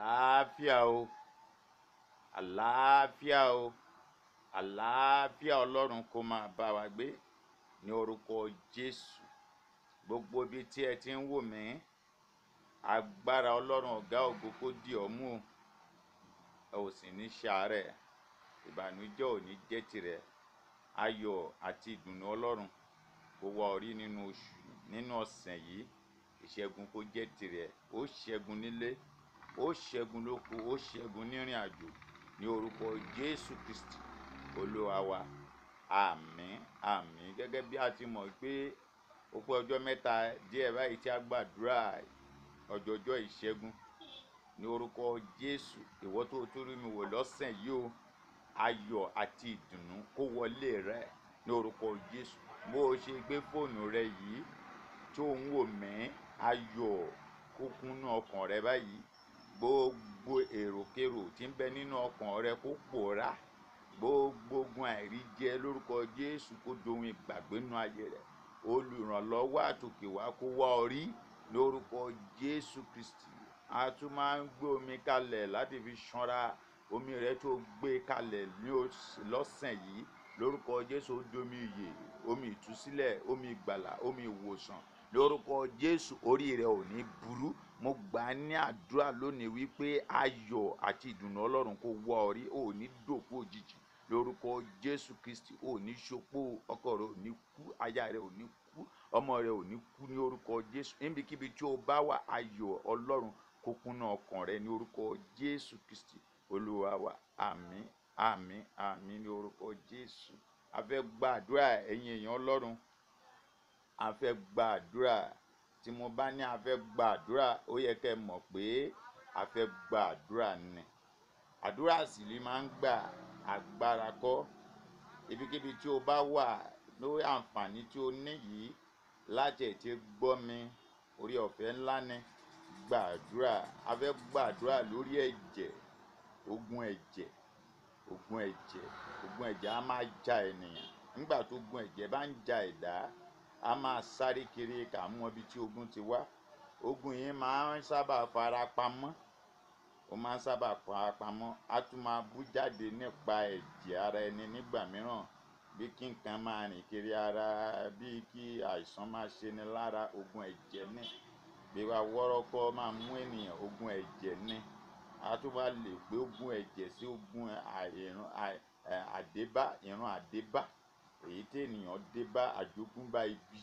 àlàáfíà o àlàáfíà o àlàáfíà ọlọ́run kó máa bá wa gbé ní orúkọ jésù gbogbo ibi tí ẹ ti ń wò mí agbára ọlọ́run ọ̀gá ògo kó dì ọ́ o ẹ ò sì ní ṣàárẹ̀ ìbànújẹ́ ò ní jẹ́ tirẹ̀ ayọ̀ àti ìdùnnú ọlọ́run kó wá ọ nínú oṣù nínú ọ̀sẹ̀ yìí ìṣẹ́gun kó jẹ́ tirẹ̀ ó ṣẹ́gun nílé ó ṣẹ́gun lóko ó ṣẹ́gun nírìn àjò ní orúkọ Jésù Kristi olúwa wa àmín àmín gẹ́gẹ́ bí a ti mọ̀ pé ó pé ọjọ́ mẹ́ta díẹ̀ báyìí tí a gbàdúrà ọjọ́jọ́ ìṣẹ́gun ní orúkọ Jésù ìwọ tó tún rí mi wò lọ́sẹ̀ yìí o ayọ̀ àti ìdùnnú kó wọlé rẹ ní orúkọ Jésù bó o ṣe gbé fóònù rẹ yìí tó ń wò mí ayọ̀ kó ọkàn rẹ báyìí gbogbo èròkérò tí ń bẹ nínú ọkàn rẹ kó pòórá gbogbo ogun àìríjẹ lórúkọ jésù kó dohun ìgbàgbé nínú ayé rẹ olùrànlọ́wọ́ àtòkè wá kó wá ọ rí lórúkọ jésù kristi a tún máa ń gbé omi kalẹ̀ láti fi ṣanra omi rẹ tó gbé kalẹ̀ lọ́sàn yìí lórúkọ jésù ó domi ìyè omi ìtúsílẹ̀ omi ìgbàlà omi ìwòsàn lórúkọ jésù orí rẹ ò ní burú mo gbà á ní àdúrà lónìí wípé ayọ̀ àti ìdùnnú ọlọ́run kó wá ọ rí ò ní dòkú òjijì lórúkọ jésù kristi ò ní ṣopó ọkọ rẹ ò ní kú aya rẹ ò ní kú ọmọ rẹ ò ní kú ní orúkọ jésù níbikíbi tí o bá wà ayọ̀ ọlọ́run kó kúnná ọkàn rẹ ní orúkọ jésù kristi olúwa wa àmín àmín àmín ní orúkọ jésù a fẹ́ gbàdúrà ẹ̀yin èèyàn ọlọ́run a fẹ́ gba àdúrà tí mo bá ní a fẹ́ gba àdúrà ó yẹ kẹ́ ẹ mọ̀ pé a fẹ́ gba àdúrà ni àdúrà sì ni máa ń gba agbára kọ́ ibikíbi tí o bá wà lórí àǹfààní tí o ní yìí láti ètè gbọ́ mi orí ọ̀fẹ́ ńlá ni gbàdúrà a fẹ́ gbàdúrà lórí ẹ̀jẹ̀ ogun ẹ̀jẹ̀ ogun ẹ̀jẹ̀ ogun ẹ̀jẹ̀ a máa ja ènìyàn nígbà tó ogun ẹ̀jẹ̀ bá ń ja ẹ̀dá a máa sáré kiri kà mọ ibi tí ogun ti wá ogun yìí máa ń sábà fara pamọ́ ó máa ń sábà fara pamọ́ á tún máa bú jáde nípa ẹ̀jẹ̀ ara ẹni nígbà mìíràn bí kí nǹkan máa rìn kiri ara bí kí àìsàn máa ṣe ni lára ogun ẹ̀jẹ̀ ni bí wá wọ́rọ́kọ́ máa mú ènìyàn ogun ẹ̀jẹ̀ ni a tún wá lè gbé ogun ẹ̀jẹ̀ sí ogun àdébá ìran àdébá èyí tí ènìyàn dé bá àjogúnbá ibi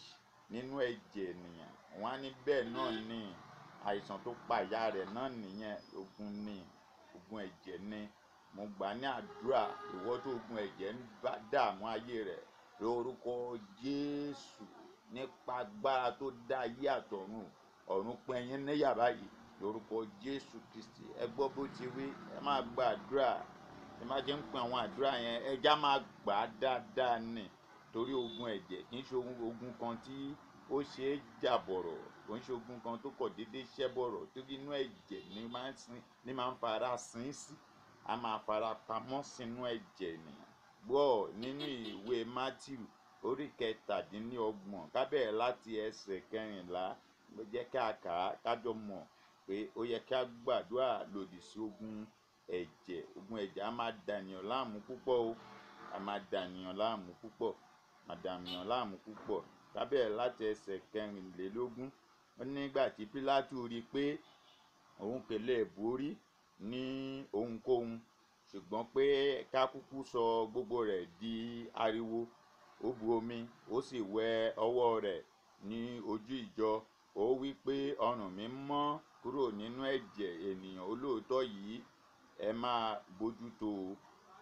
nínú ẹ̀jẹ̀ ènìyàn wọ́n á ní bẹ́ẹ̀ náà ni àìsàn tó pa ìyá rẹ̀ náà nìyẹn ogun ni ogun ẹ̀jẹ̀ ni mo gbà ní àdúrà ìwọ tó ogun ẹ̀jẹ̀ ń bá dààmú ayé rẹ̀ lórúkọ Jésù nípa agbára tó dá ayé àtọ̀run ọ̀run pẹ́yìn níyà báyìí lórúkọ Jésù Kristi ẹ gbọ́ bó ti wí ẹ máa gbàdúrà ẹ má jẹ́ ń pin àwọn àdúrà yẹn ẹja máa gbà á dáadáa nì torí ogun ẹ̀jẹ̀ kì í ṣe ogun kan tí ó ṣe é jà bọ̀rọ̀ kò ń ṣe ogun kan tó kọ̀ déédéé ṣẹ́ bọ̀rọ̀ torí inú ẹ̀jẹ̀ ni máa ń fara sin sí a máa fara pamọ́ sínú ẹ̀jẹ̀ ènìyàn gbọ́ nínú ìwé Matthew orí kẹtàdínlọ́gbọ̀n kábẹ̀rẹ̀ láti ẹsẹ̀ kẹrìnlá jẹ́ ká kà á kájọ mọ̀ pé ó yẹ ká gbàdúrà lòdì sí ogun ẹ̀jẹ̀ oògùn ẹ̀jẹ̀ á máa da ènìyàn láàmú púpọ̀ o á máa da ènìyàn láàmú púpọ̀ á máa da ènìyàn láàmú púpọ̀ ká bẹ̀rẹ̀ láti ẹsẹ̀ kẹrìnlélógún ó ní nígbà tí pílátù rí i pé òun kò lè borí ní ohunkóhun ṣùgbọ́n pé ká sọ gbogbo rẹ̀ di ariwo ó bu omi ó sì wẹ ọwọ́ rẹ̀ ní ojú ìjọ ó wí pé ọrùn mi mọ́ kúrò nínú ẹ̀jẹ̀ ènìyàn olóòótọ́ yìí ẹ máa bójútó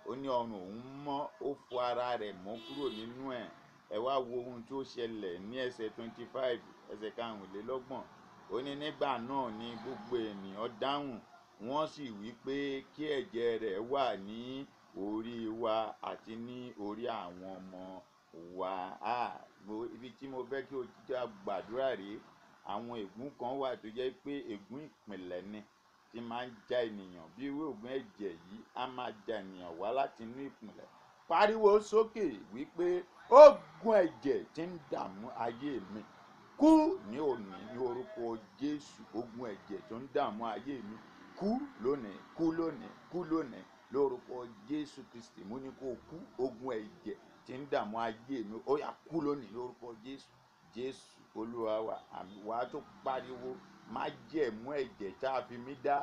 o ó ní ọrùn òun mọ́ ó fọ ara rẹ̀ mọ́ kúrò nínú ẹ̀ ẹ wá wo ohun tó ṣẹlẹ̀ ní ẹsẹ̀ twenty five ẹsẹ̀ karùnlélọ́gbọ̀n ó ní nígbà náà ni gbogbo ènìyàn dáhùn wọ́n sì wí pé kí ẹ̀jẹ̀ rẹ̀ wà ní orí wa àti ní orí àwọn ọmọ wa ibi tí mo fẹ́ kí o gbàdúrà rèé àwọn ègún kan wà tó jẹ́ pé ègún ìpìlẹ̀ ni tí máa ń ja ènìyàn bí irú oògùn ẹ̀jẹ̀ yìí á máa ja ènìyàn wá láti inú ìpìlẹ̀ pariwo sókè wípé oògùn ẹ̀jẹ̀ tí ń dààmú ayé mi kú ní òní ní orúkọ Jésù oògùn ẹ̀jẹ̀ tó ń dààmú ayé mi kú lónìí kú lónìí kú lónìí lórúkọ Jésù Kristi mo ní kó kú oògùn ẹ̀jẹ̀ tí ń dààmú ayé mi ó yá kú lónìí lórúkọ Jésù jésù olúwa wa àwa tó pariwo májẹ̀mú ẹ̀jẹ̀ tá a fi mí dá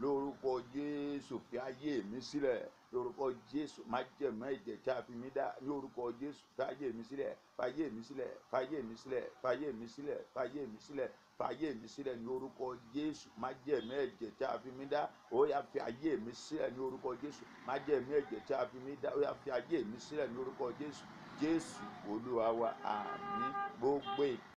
lórúkọ jésù fi ayé mi sílẹ̀ lórúkọ jésù májẹ̀mú ẹ̀jẹ̀ tá a fi mí dá lórúkọ jésù fàyè mi sílẹ̀ fàyè mi sílẹ̀ fàyè mi sílẹ̀ fàyè mi sílẹ̀ fàyè mi sílẹ̀ fàyè mi sílẹ̀ ní orúkọ jésù májẹ̀mú ẹ̀jẹ̀ tí a fi mí dá ó yá fi ayé mi sílẹ̀ ní orúkọ jésù májẹ̀mú ẹ̀jẹ̀ tí a fi mí dá ó yá fi ayé mi sílẹ̀ ní orúkọ jésù jésù olúwa wa àmín gbogbo